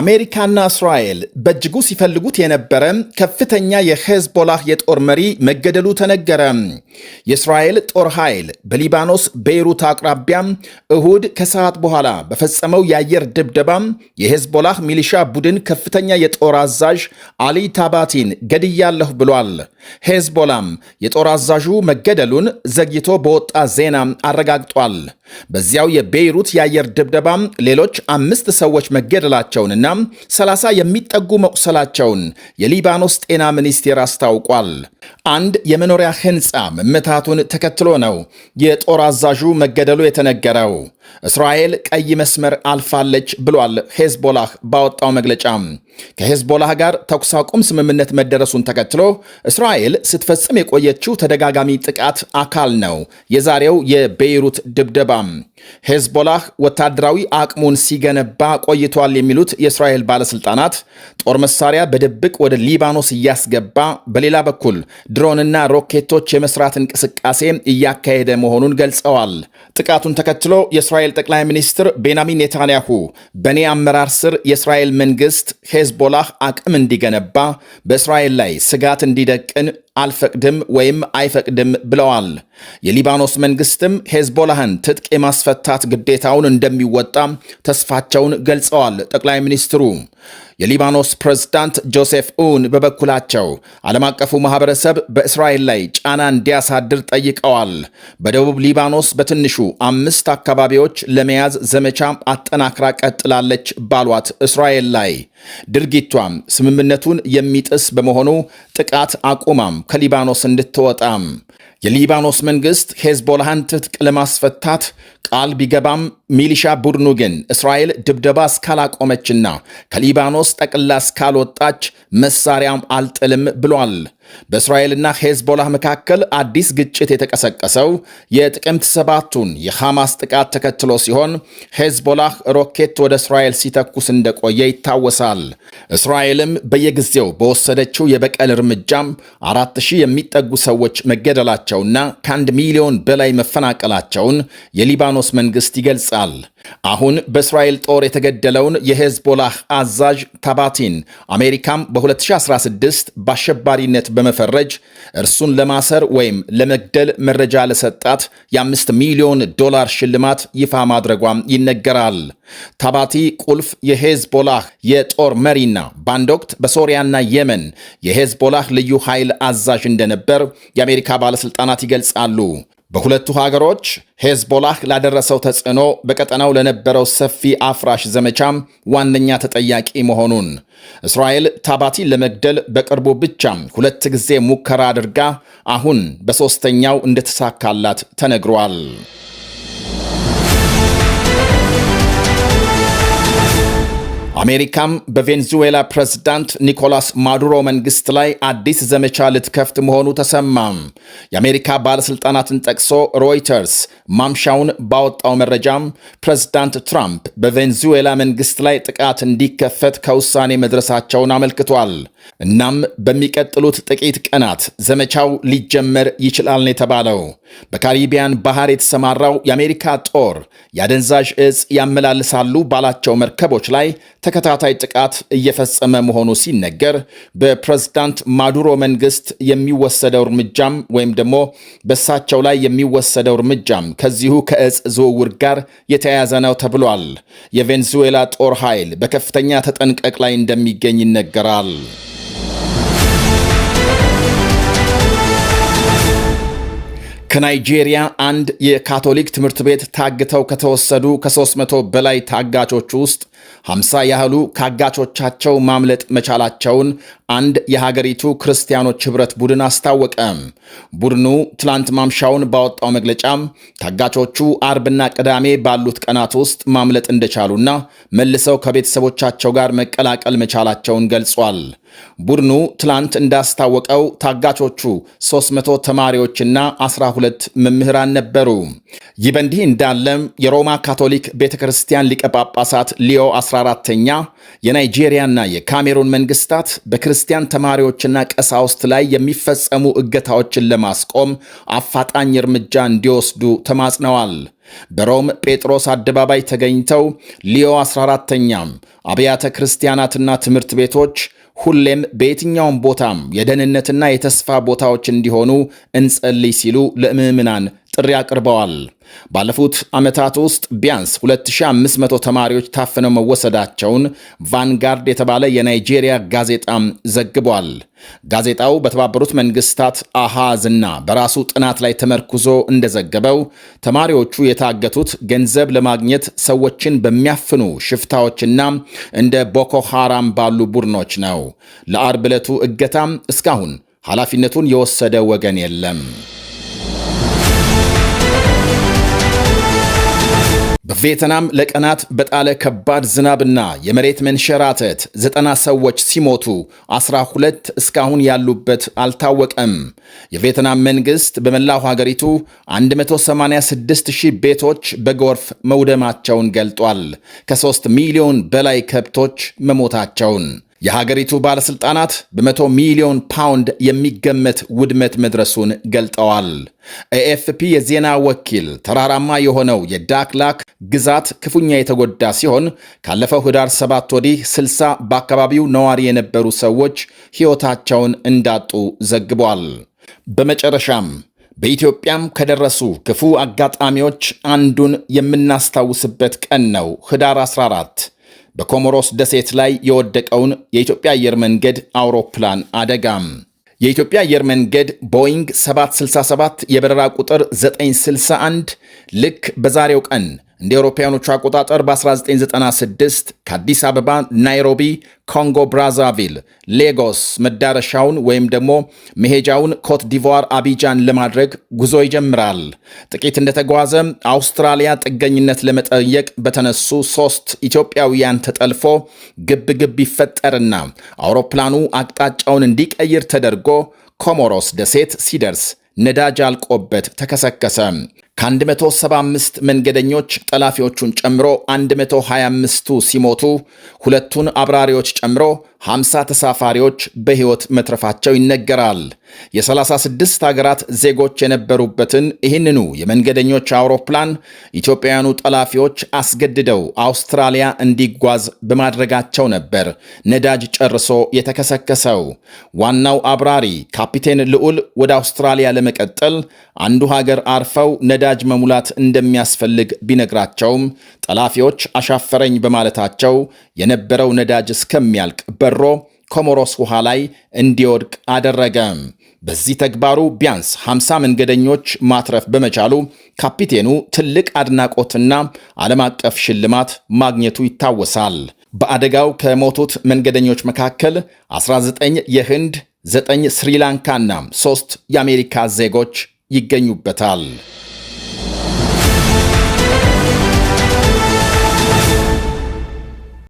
አሜሪካና እስራኤል በእጅጉ ሲፈልጉት የነበረ ከፍተኛ የሄዝቦላህ የጦር መሪ መገደሉ ተነገረ። የእስራኤል ጦር ኃይል በሊባኖስ ቤይሩት አቅራቢያ እሁድ ከሰዓት በኋላ በፈጸመው የአየር ድብደባ የሄዝቦላህ ሚሊሻ ቡድን ከፍተኛ የጦር አዛዥ አሊ ታባቲን ገድያለሁ ብሏል። ሄዝቦላም የጦር አዛዡ መገደሉን ዘግይቶ በወጣ ዜና አረጋግጧል። በዚያው የቤይሩት የአየር ድብደባ ሌሎች አምስት ሰዎች መገደላቸውንና እናም 30 የሚጠጉ መቁሰላቸውን የሊባኖስ ጤና ሚኒስቴር አስታውቋል። አንድ የመኖሪያ ህንፃ መመታቱን ተከትሎ ነው የጦር አዛዡ መገደሉ የተነገረው። እስራኤል ቀይ መስመር አልፋለች ብሏል ሄዝቦላህ ባወጣው መግለጫ። ከሄዝቦላህ ጋር ተኩስ አቁም ስምምነት መደረሱን ተከትሎ እስራኤል ስትፈጽም የቆየችው ተደጋጋሚ ጥቃት አካል ነው የዛሬው የቤይሩት ድብደባ ሄዝቦላህ ወታደራዊ አቅሙን ሲገነባ ቆይቷል የሚሉት የእስራኤል ባለስልጣናት ጦር መሳሪያ በድብቅ ወደ ሊባኖስ እያስገባ በሌላ በኩል ድሮንና ሮኬቶች የመስራት እንቅስቃሴ እያካሄደ መሆኑን ገልጸዋል። ጥቃቱን ተከትሎ የእስራኤል የእስራኤል ጠቅላይ ሚኒስትር ቤንያሚን ኔታንያሁ በእኔ አመራር ስር የእስራኤል መንግስት ሄዝቦላህ አቅም እንዲገነባ በእስራኤል ላይ ስጋት እንዲደቅን አልፈቅድም ወይም አይፈቅድም ብለዋል። የሊባኖስ መንግስትም ሄዝቦላህን ትጥቅ የማስፈታት ግዴታውን እንደሚወጣ ተስፋቸውን ገልጸዋል። ጠቅላይ ሚኒስትሩ የሊባኖስ ፕሬዝዳንት ጆሴፍ ኡን በበኩላቸው ዓለም አቀፉ ማህበረሰብ በእስራኤል ላይ ጫና እንዲያሳድር ጠይቀዋል። በደቡብ ሊባኖስ በትንሹ አምስት አካባቢዎች ለመያዝ ዘመቻ አጠናክራ ቀጥላለች ባሏት እስራኤል ላይ ድርጊቷም ስምምነቱን የሚጥስ በመሆኑ ጥቃት አቁማም ከሊባኖስ እንድትወጣም የሊባኖስ መንግሥት ሄዝቦላህን ትጥቅ ለማስፈታት ቃል ቢገባም ሚሊሻ ቡድኑ ግን እስራኤል ድብደባ እስካላቆመችና ከሊባኖስ ጠቅላ እስካልወጣች መሳሪያም አልጥልም ብሏል። በእስራኤልና ሄዝቦላህ መካከል አዲስ ግጭት የተቀሰቀሰው የጥቅምት ሰባቱን የሐማስ ጥቃት ተከትሎ ሲሆን ሄዝቦላህ ሮኬት ወደ እስራኤል ሲተኩስ እንደቆየ ይታወሳል። እስራኤልም በየጊዜው በወሰደችው የበቀል እርምጃም አራት ሺህ የሚጠጉ ሰዎች መገደላቸውና ከአንድ ሚሊዮን በላይ መፈናቀላቸውን የሊባኖስ መንግስት ይገልጻል። አሁን በእስራኤል ጦር የተገደለውን የሄዝቦላህ አዛዥ ታባቲን አሜሪካም በ2016 በአሸባሪነት በመፈረጅ እርሱን ለማሰር ወይም ለመግደል መረጃ ለሰጣት የአምስት ሚሊዮን ዶላር ሽልማት ይፋ ማድረጓም ይነገራል። ታባቲ ቁልፍ የሄዝቦላህ የጦር መሪና በአንድ ወቅት በሶሪያና የመን የሄዝቦላህ ልዩ ኃይል አዛዥ እንደነበር የአሜሪካ ባለሥልጣናት ይገልጻሉ። በሁለቱ ሀገሮች ሄዝቦላህ ላደረሰው ተጽዕኖ በቀጠናው ለነበረው ሰፊ አፍራሽ ዘመቻም ዋነኛ ተጠያቂ መሆኑን እስራኤል ታባቲን ለመግደል በቅርቡ ብቻም ሁለት ጊዜ ሙከራ አድርጋ አሁን በሦስተኛው እንደተሳካላት ተነግሯል። አሜሪካም በቬንዙዌላ ፕሬዝዳንት ኒኮላስ ማዱሮ መንግስት ላይ አዲስ ዘመቻ ልትከፍት መሆኑ ተሰማም። የአሜሪካ ባለሥልጣናትን ጠቅሶ ሮይተርስ ማምሻውን ባወጣው መረጃም ፕሬዝዳንት ትራምፕ በቬንዙዌላ መንግስት ላይ ጥቃት እንዲከፈት ከውሳኔ መድረሳቸውን አመልክቷል። እናም በሚቀጥሉት ጥቂት ቀናት ዘመቻው ሊጀመር ይችላል ነው የተባለው። በካሪቢያን ባህር የተሰማራው የአሜሪካ ጦር የአደንዛዥ እጽ ያመላልሳሉ ባላቸው መርከቦች ላይ ተከታታይ ጥቃት እየፈጸመ መሆኑ ሲነገር በፕሬዝዳንት ማዱሮ መንግስት የሚወሰደው እርምጃም ወይም ደግሞ በእሳቸው ላይ የሚወሰደው እርምጃም ከዚሁ ከእጽ ዝውውር ጋር የተያያዘ ነው ተብሏል። የቬንዙዌላ ጦር ኃይል በከፍተኛ ተጠንቀቅ ላይ እንደሚገኝ ይነገራል። ከናይጄሪያ አንድ የካቶሊክ ትምህርት ቤት ታግተው ከተወሰዱ ከ300 በላይ ታጋቾች ውስጥ ሐምሳ ያህሉ ካጋቾቻቸው ማምለጥ መቻላቸውን አንድ የሀገሪቱ ክርስቲያኖች ኅብረት ቡድን አስታወቀ። ቡድኑ ትላንት ማምሻውን ባወጣው መግለጫም ታጋቾቹ አርብና ቅዳሜ ባሉት ቀናት ውስጥ ማምለጥ እንደቻሉና መልሰው ከቤተሰቦቻቸው ጋር መቀላቀል መቻላቸውን ገልጿል። ቡድኑ ትላንት እንዳስታወቀው ታጋቾቹ 300 ተማሪዎችና 12 መምህራን ነበሩ። ይህ በእንዲህ እንዳለም የሮማ ካቶሊክ ቤተ ክርስቲያን ሊቀ ጳጳሳት ሊዮ 14ተኛ የናይጄሪያና የካሜሩን መንግስታት በክርስቲያን ተማሪዎችና ቀሳውስት ላይ የሚፈጸሙ እገታዎችን ለማስቆም አፋጣኝ እርምጃ እንዲወስዱ ተማጽነዋል። በሮም ጴጥሮስ አደባባይ ተገኝተው ሊዮ 14ተኛም አብያተ ክርስቲያናትና ትምህርት ቤቶች ሁሌም በየትኛውም ቦታም የደህንነትና የተስፋ ቦታዎች እንዲሆኑ እንጸልይ ሲሉ ለምዕምናን ጥሪ አቅርበዋል። ባለፉት ዓመታት ውስጥ ቢያንስ 2500 ተማሪዎች ታፍነው መወሰዳቸውን ቫንጋርድ የተባለ የናይጄሪያ ጋዜጣም ዘግቧል። ጋዜጣው በተባበሩት መንግስታት አሃዝና በራሱ ጥናት ላይ ተመርኩዞ እንደዘገበው ተማሪዎቹ የታገቱት ገንዘብ ለማግኘት ሰዎችን በሚያፍኑ ሽፍታዎችና እንደ ቦኮ ሃራም ባሉ ቡድኖች ነው። ለአርብ ዕለቱ እገታም እስካሁን ኃላፊነቱን የወሰደ ወገን የለም። ቬትናም ለቀናት በጣለ ከባድ ዝናብና የመሬት መንሸራተት ዘጠና ሰዎች ሲሞቱ አስራ ሁለት እስካሁን ያሉበት አልታወቀም። የቬትናም መንግሥት በመላው ሀገሪቱ 186 ሺህ ቤቶች በጎርፍ መውደማቸውን ገልጧል። ከሦስት ሚሊዮን በላይ ከብቶች መሞታቸውን የሀገሪቱ ባለሥልጣናት በመቶ ሚሊዮን ፓውንድ የሚገመት ውድመት መድረሱን ገልጠዋል። ኤኤፍፒ የዜና ወኪል ተራራማ የሆነው የዳክላክ ግዛት ክፉኛ የተጎዳ ሲሆን ካለፈው ህዳር ሰባት ወዲህ 60 በአካባቢው ነዋሪ የነበሩ ሰዎች ሕይወታቸውን እንዳጡ ዘግቧል። በመጨረሻም በኢትዮጵያም ከደረሱ ክፉ አጋጣሚዎች አንዱን የምናስታውስበት ቀን ነው ህዳር 14 በኮሞሮስ ደሴት ላይ የወደቀውን የኢትዮጵያ አየር መንገድ አውሮፕላን አደጋም የኢትዮጵያ አየር መንገድ ቦይንግ 767 የበረራ ቁጥር 961 ልክ በዛሬው ቀን እንደ አውሮፓውያኖቹ አቆጣጠር በ1996 ከአዲስ አበባ ናይሮቢ፣ ኮንጎ ብራዛቪል፣ ሌጎስ መዳረሻውን ወይም ደግሞ መሄጃውን ኮት ዲቮር አቢጃን ለማድረግ ጉዞ ይጀምራል። ጥቂት እንደተጓዘ አውስትራሊያ ጥገኝነት ለመጠየቅ በተነሱ ሶስት ኢትዮጵያውያን ተጠልፎ ግብ ግብ ይፈጠርና አውሮፕላኑ አቅጣጫውን እንዲቀይር ተደርጎ ኮሞሮስ ደሴት ሲደርስ ነዳጅ አልቆበት ተከሰከሰ። ከ175 መንገደኞች ጠላፊዎቹን ጨምሮ 125ቱ ሲሞቱ ሁለቱን አብራሪዎች ጨምሮ 50 ተሳፋሪዎች በሕይወት መትረፋቸው ይነገራል። የ36 ሀገራት ዜጎች የነበሩበትን ይህንኑ የመንገደኞች አውሮፕላን ኢትዮጵያውያኑ ጠላፊዎች አስገድደው አውስትራሊያ እንዲጓዝ በማድረጋቸው ነበር ነዳጅ ጨርሶ የተከሰከሰው። ዋናው አብራሪ ካፒቴን ልዑል ወደ አውስትራሊያ ለመቀጠል አንዱ ሀገር አርፈው ነዳ በነዳጅ መሙላት እንደሚያስፈልግ ቢነግራቸውም ጠላፊዎች አሻፈረኝ በማለታቸው የነበረው ነዳጅ እስከሚያልቅ በሮ ኮሞሮስ ውሃ ላይ እንዲወድቅ አደረገ። በዚህ ተግባሩ ቢያንስ 50 መንገደኞች ማትረፍ በመቻሉ ካፒቴኑ ትልቅ አድናቆትና ዓለም አቀፍ ሽልማት ማግኘቱ ይታወሳል። በአደጋው ከሞቱት መንገደኞች መካከል 19 የህንድ፣ 9 ስሪላንካና 3 የአሜሪካ ዜጎች ይገኙበታል።